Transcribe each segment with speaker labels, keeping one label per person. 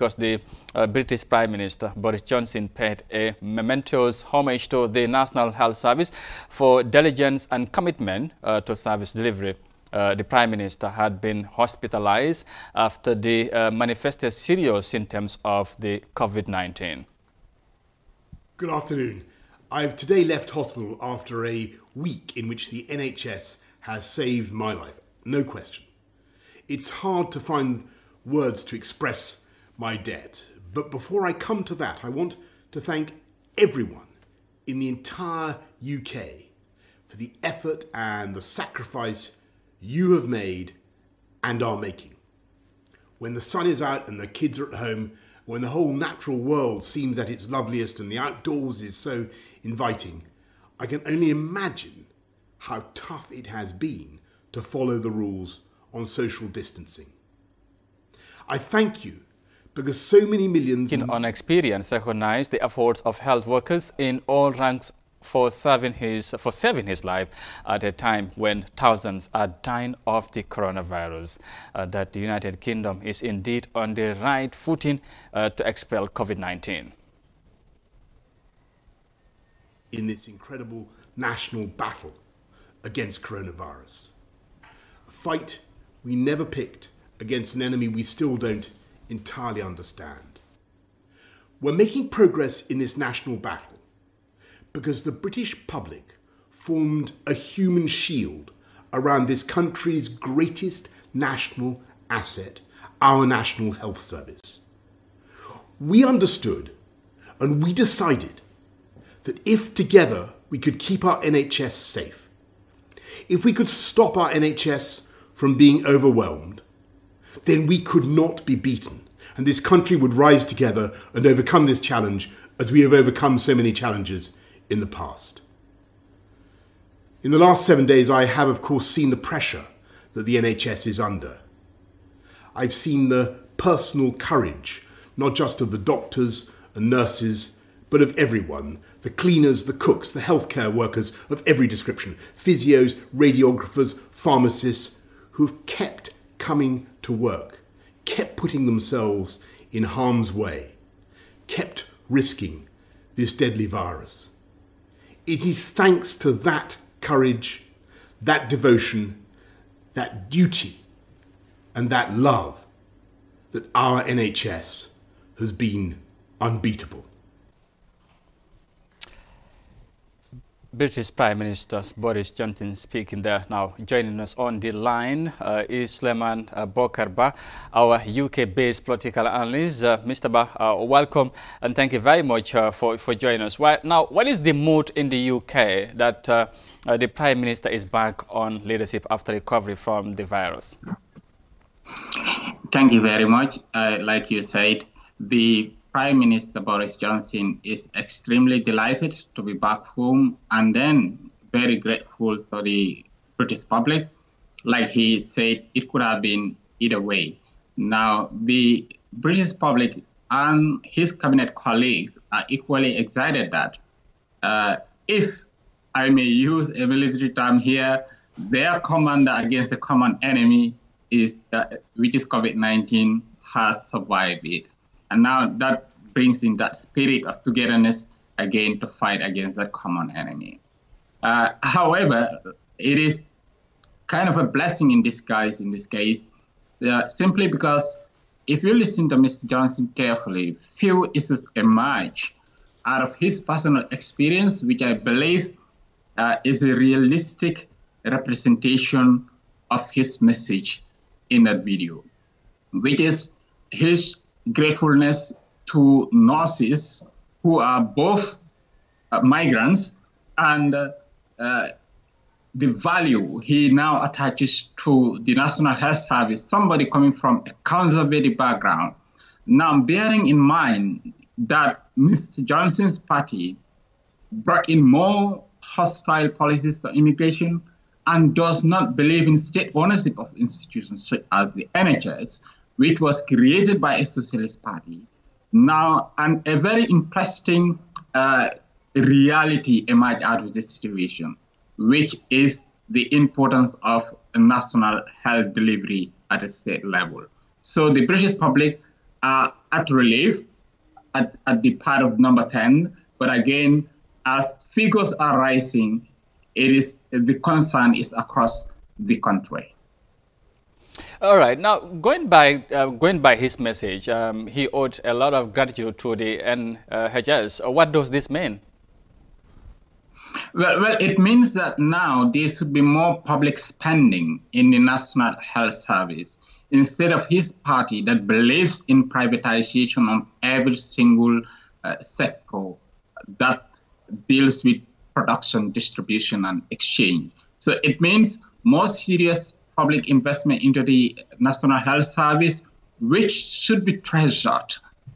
Speaker 1: because the uh, British Prime Minister Boris Johnson paid a momentous homage to the National Health Service for diligence and commitment uh, to service delivery. Uh, the Prime Minister had been hospitalized after the uh, manifested serious symptoms of the COVID-19.
Speaker 2: Good afternoon. I've today left hospital after a week in which the NHS has saved my life, no question. It's hard to find words to express my debt. But before I come to that, I want to thank everyone in the entire UK for the effort and the sacrifice you have made and are making. When the sun is out and the kids are at home, when the whole natural world seems at its loveliest and the outdoors is so inviting, I can only imagine how tough it has been to follow the rules on social distancing. I thank you because so many millions in on experience recognize the efforts of health workers in all ranks
Speaker 1: for serving his for saving his life at a time when thousands are dying of the coronavirus uh, that the United Kingdom is indeed on the right footing uh, to expel COVID-19
Speaker 2: in this incredible national battle against coronavirus a fight we never picked against an enemy we still don't entirely understand. We're making progress in this national battle because the British public formed a human shield around this country's greatest national asset, our National Health Service. We understood and we decided that if together we could keep our NHS safe, if we could stop our NHS from being overwhelmed, then we could not be beaten. And this country would rise together and overcome this challenge as we have overcome so many challenges in the past. In the last seven days, I have, of course, seen the pressure that the NHS is under. I've seen the personal courage, not just of the doctors and nurses, but of everyone the cleaners, the cooks, the healthcare workers of every description, physios, radiographers, pharmacists, who've kept coming to work, kept putting themselves in harm's way, kept risking this deadly virus. It is thanks to that courage, that devotion, that duty, and that love that our NHS has been unbeatable.
Speaker 1: British Prime Minister Boris Johnson speaking there now. Joining us on the line uh, is Sleman uh, Bokarba, our UK-based political analyst. Uh, Mr. Ba, uh, welcome and thank you very much uh, for, for joining us. Why, now, what is the mood in the UK that uh, the Prime Minister is back on leadership after recovery
Speaker 3: from the virus? Thank you very much. like you said, the Prime Minister Boris Johnson is extremely delighted to be back home and then very grateful to the British public. Like he said, it could have been either way. Now, the British public and his cabinet colleagues are equally excited that uh, if I may use a military term here, their commander against a common enemy is that, which is COVID-19 has survived it. And now that brings in that spirit of togetherness again to fight against that common enemy. Uh, however, it is kind of a blessing in disguise in this case, uh, simply because if you listen to Mr. Johnson carefully, few issues emerge out of his personal experience, which I believe uh, is a realistic representation of his message in that video, which is his gratefulness to nurses who are both uh, migrants and uh, uh, the value he now attaches to the National Health Service, somebody coming from a conservative background. Now, bearing in mind that Mr. Johnson's party brought in more hostile policies to immigration and does not believe in state ownership of institutions such as the NHS, which was created by a socialist party, now an, a very interesting uh, reality emerged out of this situation, which is the importance of national health delivery at a state level. So the British public are at relief at, at the part of number 10, but again, as figures are rising, it is the concern is across the country.
Speaker 1: All right. Now, going by uh, going by his message, um, he owed a lot of gratitude to the NHS. What does this mean?
Speaker 3: Well, well, it means that now there should be more public spending in the National Health Service instead of his party that believes in privatization of every single uh, sector that deals with production, distribution, and exchange. So it means more serious public investment into the National Health Service, which should be treasured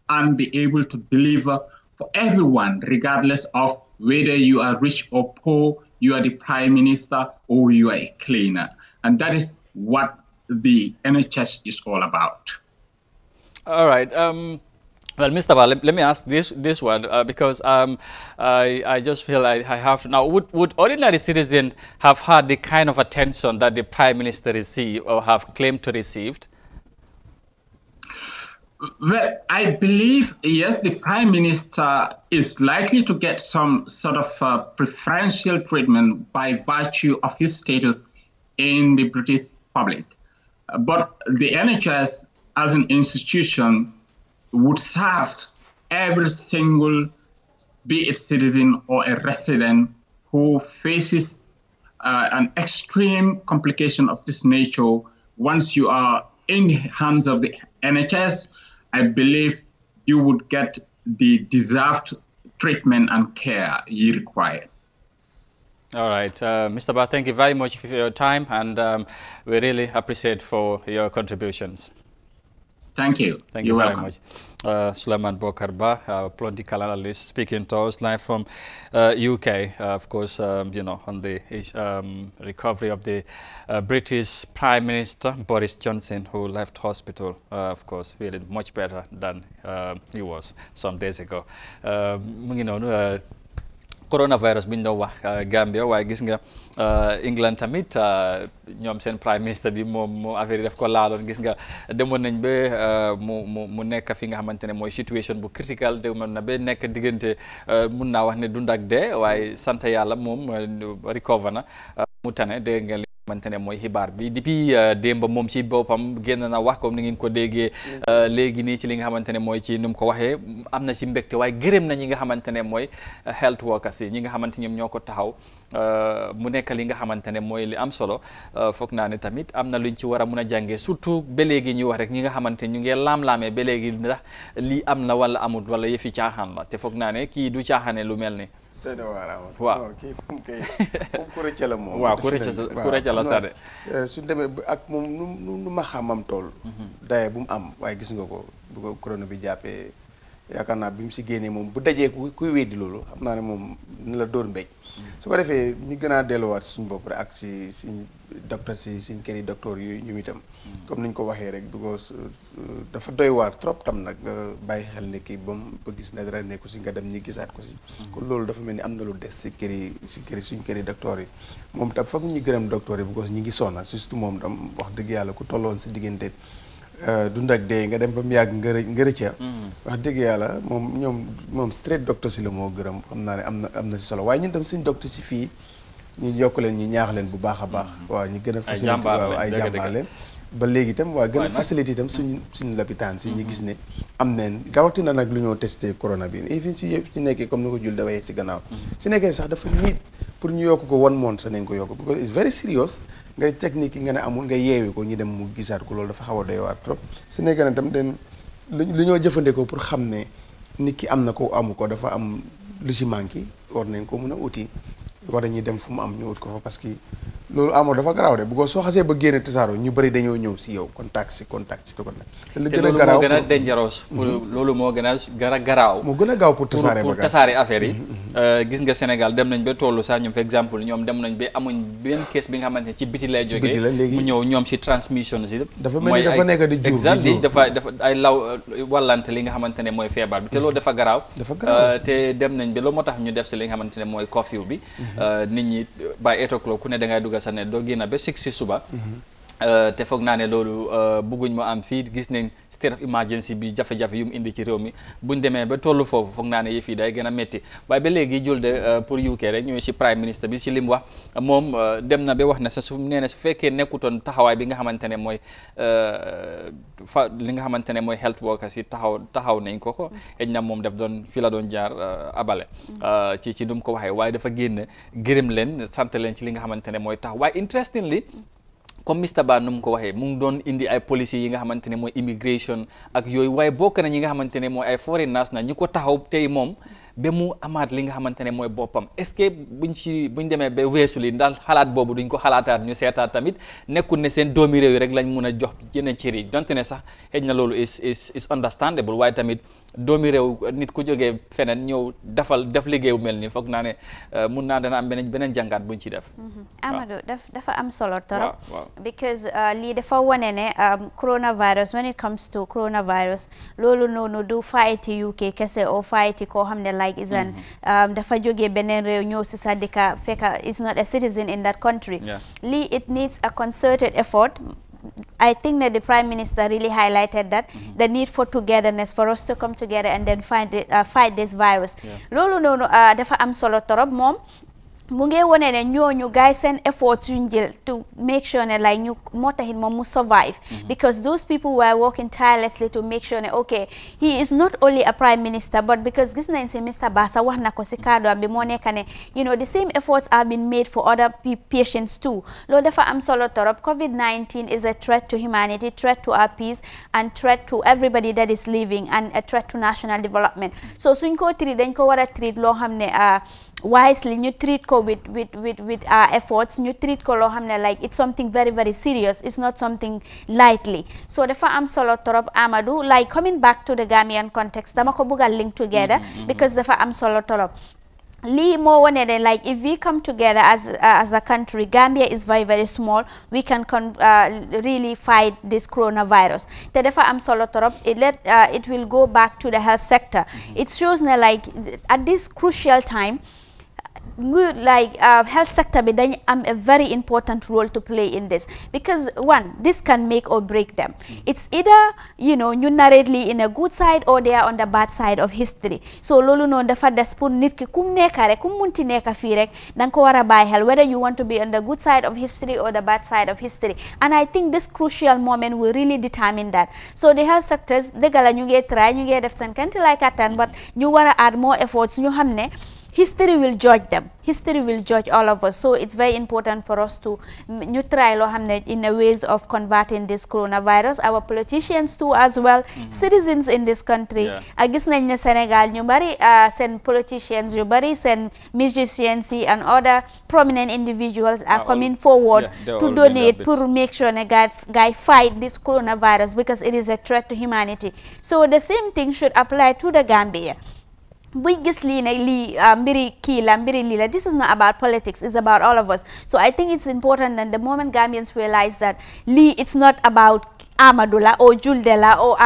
Speaker 3: and be able to deliver for everyone, regardless of whether you are rich or poor, you are the prime minister, or you are a cleaner. And that is what the NHS is all about.
Speaker 1: All right. Um well, Mr. let, let, me ask this this one uh, because um, I, I just feel I, I have to. Now, would, would ordinary citizen have had the kind of attention that the Prime Minister received or have claimed to received?
Speaker 3: Well, I believe, yes, the Prime Minister is likely to get some sort of uh, preferential treatment by virtue of his status in the British public. But the NHS as an institution would serve every single, be it citizen or a resident who faces uh, an extreme complication of this nature. Once you are in the hands of the NHS, I believe you would get the deserved treatment and care you require.
Speaker 1: All right, uh, Mr. Ba, thank you very much for your time, and um, we really appreciate for your contributions.
Speaker 4: Thank you. Thank You're you very welcome. much.
Speaker 1: Uh, Suleiman Bokarba, uh, political analyst, speaking to us live from uh, UK, uh, of course, um, you know, on the um, recovery of the uh, British Prime Minister Boris Johnson, who left hospital, uh, of course, feeling much better than um, he was some days ago. Um, you know, uh, coronavirus bi ñu doon wax euh, Gambia waaye gis nga euh, England tamit euh, ñoom seen prime minister bi moom moo affaire def ko laaloon gis nga demoon nañ ba mu mu mu nekk fi nga xamante ne mooy situation bu critical demoon na ba nekk diggante mun naa wax ne dund ak dee waaye sant yàlla moom recover na mu tane dégg nga xamante ne mooy xibaar bi depuis euh, démb moom ci boppam génn na wax comme ni ngeen ko déggee mm-hmm. euh, léegi nii ci li nga xamante ne mooy ci nu mu ko waxee am na ci mbégte waaye gërëm na ñi nga xamante ne mooy euh, health workers yi ñi nga xamante ñoom ñoo ko taxaw mu nekk li nga xamante ne mooy li am solo foog naa ne tamit am na lu luñ ci war a mun a jàngee surtout ba léegi ñuy wax rek ñi nga xamante ñu ngi laam-laamee ba léegi ndax lii am na wala amut wala yëfi caaxaan la te foog naa ne kii du caaxaane lu mel ni
Speaker 5: tey de waaw kii moom ku rëcc la moom. waaw ku rëcc ku rëcc la sade euh, suñ demee ak moom lu nu ma xamam tool. Mhm. daye bu mu am waaye gis nga ko bu ko corona bi jàppee yaakaar naa bi mu si génnee moom bu dajee kuy weddi loolu xam naa ne moom ni la dóor mbéj. su ko defee ñu gën a delluwaat suñu bopp rek ak si suñ docteur si suñ kër yi docteur yooyu ñu itam comme ni ñu ko waxee rek because euh, dafa doy waar trop tam nag nga bàyyi xel ne kii ba mu ba gis ne dara nekku si nga dem ñi gisaat ko si kon loolu dafa mel ni am na lu des si këri si kër suñ kër yi yi moom tam foog ñu gërëm docteur yi because ñi ngi sonna surtout moom tam wax dëgg yàlla ku tolloon si diggante Euh, dund ak dee nga dem ba mu yàgg ngërë ngërëca hmm. wax dëgg yàlla moom ñoom moom straight docteur si la moo gërëm xam naa ne am na am na si solo waaye ñun tam suñ docteur si fii ñu yokk leen ñu ñaax leen bu baax a baax hmm. waaw ñu gën a facilité waaw ay jàmbaar leen ba léegi itam waa gën a facilité itam suñu hmm. suñu lopitaan si ñu gis ne am neen rawatina nag lu ñoo testé corona bi even si yëpp si nekkee comme ni ko jul dawayee si gannaaw si nekkee sax dafa niit pour ñu yokku ko one month sa nañ ko yokk because it's very serious ngay technique yi nga ne amul nga yeewi ko ñu dem mu gisaat ko loolu dafa xaw a doy waar trop su nekkee ne tam den lu ñoo jëfandikoo pour xam ne nit ki am na ko amu ko dafa am lu si manqué war nañ ko mun a uti war nañuy dem fu mu am ñu ut ko fa parce que loolu amoon dafa garaaw de bu ko soo xasee ba génne tasaaroo ñu bëri dañoo ñëw si yow contact si contact te a garaaw
Speaker 1: te mhm. loolu moo gën a dangereux. loolu garaaw. moo gën a gaaw pour tasaare pour tasaare yi. Mhm, mhm. Euh, gis nga Sénégal dem nañ ba tollu sax ñoom par exemple ñoom dem nañ ba amuñ benn kees bi nga xamante ne ci biti lay jógee. ci biti la léegi mu ñëw ñoom si transmission si. dafa mel ni dafa nekk di jur exactement dafa dafa ay law euh, wàllante li nga xamante ne mooy feebar bi te loolu dafa garaaw. dafa garaaw euh, te dem loolu moo tax ñu def si li nga xamante ne mooy curfew sa ne doo na ba six suba Euh, te foog naa ne loolu euh, bëgguñ mu am fii gis nañ state of emergency bi jafe-jafe yu mu indi ci réew mi buñ demee ba tollu foofu foog naa ne yëf yi day gën a métti waaye ba léegi jul de euh, pour UK rek ñëw si prime ministre bi si li wax moom dem na ba wax na sa su nee na su fekkee nekkutoon taxawaay bi nga xamante ne mooy fa li nga xamante ne mooy health workers si taxaw taxaw nañ ko ko xëy na moom daf doon fi la doon jaar abale ci ci dum ko waxee waaye dafa génn gërëm leen sant ci li nga xamante ne mooy tax waaye interestingly comme Mr Ba nu mu ko waxee mu ngi doon indi ay policy yi nga xamante ne mooy immigration ak yooyu waaye bokk na ñi nga xamante ne mooy ay foreigners na ñi ko taxaw tey moom be mu amaat li nga xamante ne mooy boppam est-ce que buñ ci buñ demee ba weesu li ndax xalaat boobu duñ ko xalaataat ñu seetaat tamit nekkul ne seen doomi réew yi rek lañ mun a jox yeneen cër yi donte ne sax xëj na loolu is is is understandable waaye tamit. doomi réew nit ku jógee feneen ñëw defal def liggéeyu mel ni foog naa ne euh, mun naa dana am beneen beneen jàngat buñ ci def.
Speaker 4: Mhm. Amadou dafa am solo torop. because euh, lii dafa wane ne um, coronavirus when it comes to coronavirus loolu noonu du fayti UK kese o fayti koo xam ne like is an mhm. um, dafa jógee beneen réew ñëw si sa dëkk fekk is not a citizen in that country. lii it needs a concerted effort. I think that the Prime Minister really highlighted that, mm -hmm. the need for togetherness, for us to come together and then find the, uh, fight this virus. no. noonu i uh, am solo torop Mom. mu ngi wone ne ñooñu guys seen efforts yuñ jël to make sure ne like ñu moo taxit moom mu survive mm-hmm. because those people were working tirelessly to make sure ne ok he is not only a prime minister but because gis nañ si Mr Barrow wax na ko si kaddu am bi nekk ne you know the same efforts have been made for other patients too loolu dafa am solo torop covid is a threat to humanity threat to our peace and threat to everybody that is living and a threat to national development so suñ ko treat dañ ko war a treat loo xam ne uh, wisely ñu treat ko with with with with our efforts ñu treat ko loo xam ne like it's something very very serious it's not something lightly so dafa am solo torop Amadou like coming back to the Gambian context dama ko bugg a link together mm-hmm, mm-hmm. because dafa am solo torop Lee more one than like if we come together as uh, as a country, Gambia is very very small. We can uh, really fight this coronavirus. Therefore, I'm solo torop. It let uh, it will go back to the health sector. Mm-hmm. It shows na like at this crucial time. good like uh, health sector i am a very important role to play in this because one this can make or break them mm. it's either you know ñu narrowly in a good side or they are on the bad side of history so lolo no dafa des pour nit ki kum nekka rek kum munti nekka fii rek danga ko war a bàyyi whether you want to be on the good side of history or the bad side of history and I think this crucial moment will really determine that so the health sectors they la ñu ngi try ñu ngi def seen kent like kattan but ñu want to add more efforts ñu xam history will judge them history will judge all of us so it's very important for us to ñu try loo xam ne in a ways of combating this coronavirus our politicians too as well mm-hmm. citizens in this country ah, gis nañ ne Sénégal ñu bari ah, seen politicians yu bari seen musicians yi and other prominent individuals are coming forward to donate pour make sure ne guy fight this coronavirus because it is a threat to humanity so the same thing should apply to the Gambia Uh, la this is not about politics it's about all of us so I think it's important that the moment Gambians realize that Lee, it's not about Amadou or Juldela la or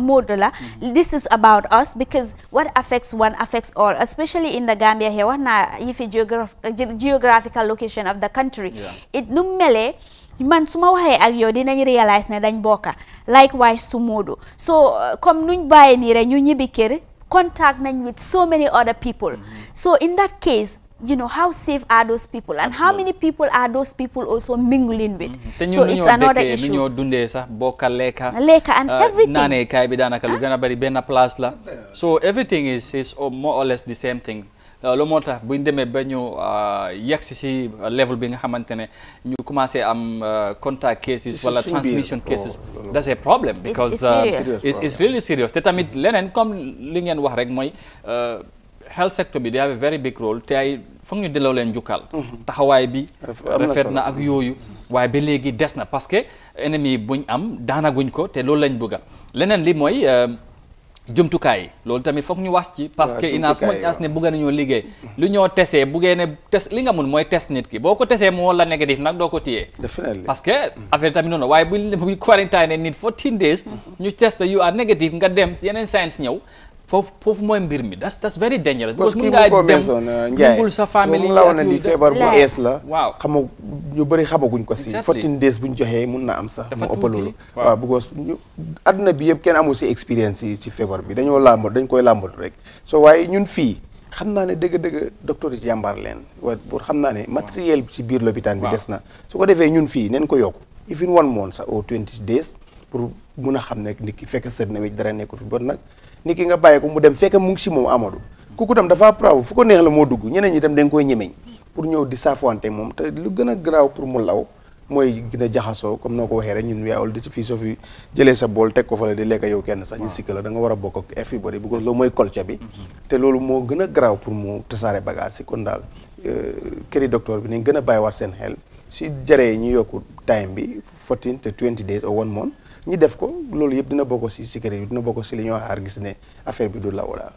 Speaker 4: Modou mm-hmm. this is about us because what affects one affects all especially in the Gambia here wax naa yi geographical location of the country it numele man su ma waxee ak yow dinañ realize ne dañ likewise to Modou so uh, comme nuñ bàyyi nii rek ñu contact nañ with so many other people. Mm -hmm. So in that case, you know, how safe are those people? And Absolutely. how many people are those people also mingling with? Mm -hmm. So it's
Speaker 1: boka, leka. Leka and ah, everything. Nane, kaibidanaka, huh? Ah. bari bena plus la. Ah. So everything is, is more or less the same thing. Euh, loolu moo tax bu ñu demee ba ñu euh, yegsi si level bi nga xamante ne ñu commencé am euh, contact cases wala transmission oh, cases oh, oh. that's a problème because it's really serious te tamit leneen comme li ngeen wax rek mooy health sector bi they have a very big role te ay foog ñu delloo leen njukkal mm-hmm. taxawaay bi rafet na ak yooyu waaye bi léegi des na parce que ennemi buñ am daanaguñ ko te loolu lañ bëgga leneen li mooy jumtukaay yi loolu tamit foog ñu wax ci parce que inaas mu inaas ne bugga nañoo liggéey lu ñoo tesee buggee ne tes li nga mun mooy test nit ki boo ko tesee moo woon la négatif nag doo ko téyee parce que affaire tamit noonu waaye bu quarantaine nit fourteen days ñu test you are négatif nga dem yeneen science ñëw foofu foofu mooy mbir mi das das very dangerous. parce que kii ko meesoon Ndiaye sa famille la woon ni feebar bu ees
Speaker 5: la. waaw xam ñu bëri xamaguñ ko si. fourteen days bu ñu joxee mun na am sax. mu ëpp loolu waaw bu ko ñu. adduna bi yëpp kenn amul si expérience yi ci feebar bi dañoo làmb dañ koy làmbatu rek so waaye ñun fii. xam naa ne dëgg-dëgg docteur yi jàmbaar leen wa pour xam naa ne matériel ci biir lopitaan bi des na su ko defee ñun fii neen ko yokk even one month sax au twenty days pour mun a xam ne nit ki fekk sët na wecc dara nekkul fi bon nag ni ki nga bàyyee ko mu dem fekk mu ngi si moom Amadou kooku tam dafa praw fu ko neex la moo dugg ñeneen ñi tam da nga koy ñemeñ pour ñëw di saafowante moom te lu gën a garaaw pour mu mooy gën a jaxasoo comme noo ko waxee rek ñun yaawul di fii soo fi jëlee sa bool ko fa la di lekk yow kenn sax ñu sikka la da war a bokk ak everybody because loolu mooy culture mm-hmm. te loolu moo gën a garaaw pour mu tasaare bagage si kon daal euh, këri docteur bi nañ gën a bàyyiwaat seen xel si jëree ñu yokku time bi 14 te 20 days or one month ñu def ko loolu yëpp dina bokk si si kër yi dina bokk si li ñoo xaar gis ne affaire bi du law la